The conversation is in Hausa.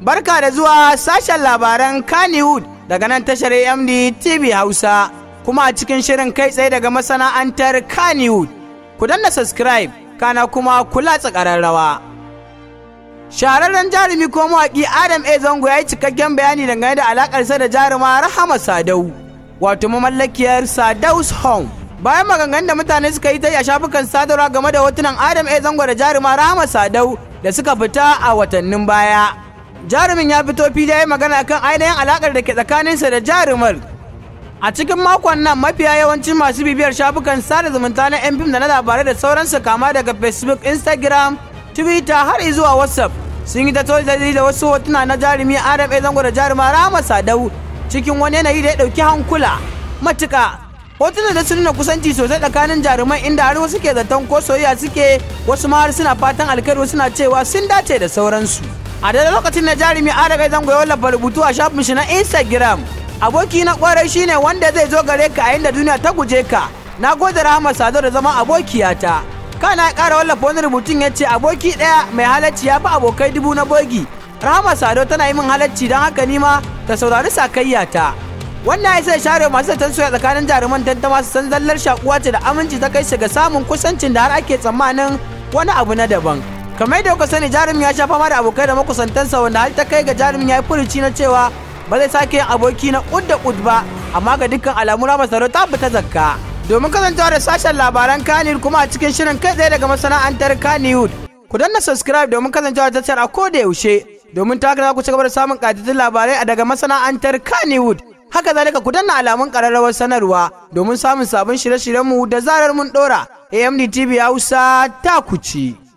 Barka da zuwa sashen labaran Kannywood daga nan tashar AMD TV Hausa kuma a cikin shirin kai tsaye daga masana'antar Kannywood. Ku danna subscribe kana kuma kula tsakararrawa. Shahararren jarumi ko mawaƙi Adam A. Zango ya yi cikakken bayani dangane da alaƙarsa da jaruma Rahama Sadau, wato mamallakiyar Sadau's Home. Bayan maganganun da mutane suka yi ta a shafukan sadarwa game da hotunan Adam A. Zango da jaruma Rahama Sadau da suka fita a watannin baya. jarumin ya fito fili ya yi magana kan ainihin alakar da ke tsakaninsa da jarumar a cikin makon nan mafiya yawancin masu bibiyar shafukan sada zumunta na yan fim da na labarai da sauransu kama daga facebook instagram twitter har zuwa whatsapp sun yi ta da wasu hotuna na jarumi adam zango da jaruma rama sadau cikin wani yanayi da ya ɗauki hankula matuka hotunan da sun nuna kusanci sosai tsakanin jaruman inda har wasu ke zaton ko soyayya suke wasu ma har suna fatan alkhairi suna cewa sun dace da sauransu a daidai lokacin da jarumi adaga zango ya wallafa rubutu a shafin shi na instagram aboki na kwarai shine wanda zai zo gare ka a inda duniya ta guje ka na gode rahama Sado da zama abokiyata kana ya kara wallafa wani rubutun ya ce aboki ɗaya mai halacci ya fi abokai dubu na bogi rahama sado tana yi min halacci don haka ni ma ta saurari sakayya ta wannan ya sai share masu zaton soya tsakanin jaruman tantama su san zallar shakuwa ce da aminci ta kai shiga samun kusancin da har ake tsammanin wani abu na daban kamar yadda kuka sani jarumin ya sha fama da abokai da makusantansa wanda har ta kai ga jarumin ya yi furuci na cewa ba zai sake yin aboki na kud da ƙud ba amma ga dukkan alamu rama saro ta fita zakka domin kasancewa da sashen labaran kanihud kuma a cikin shirin kai tsaye daga masana'antar kanihud ku danna subscribe domin kasancewa da tashar a da yaushe domin ta za ku ci gaba da samun ƙatattun labarai a daga masana'antar kanihud haka zalika ku danna alamun ƙararrawar sanarwa domin samun sabon shirye-shiryenmu da zarar mun ɗora amd tv hausa ta ku ci.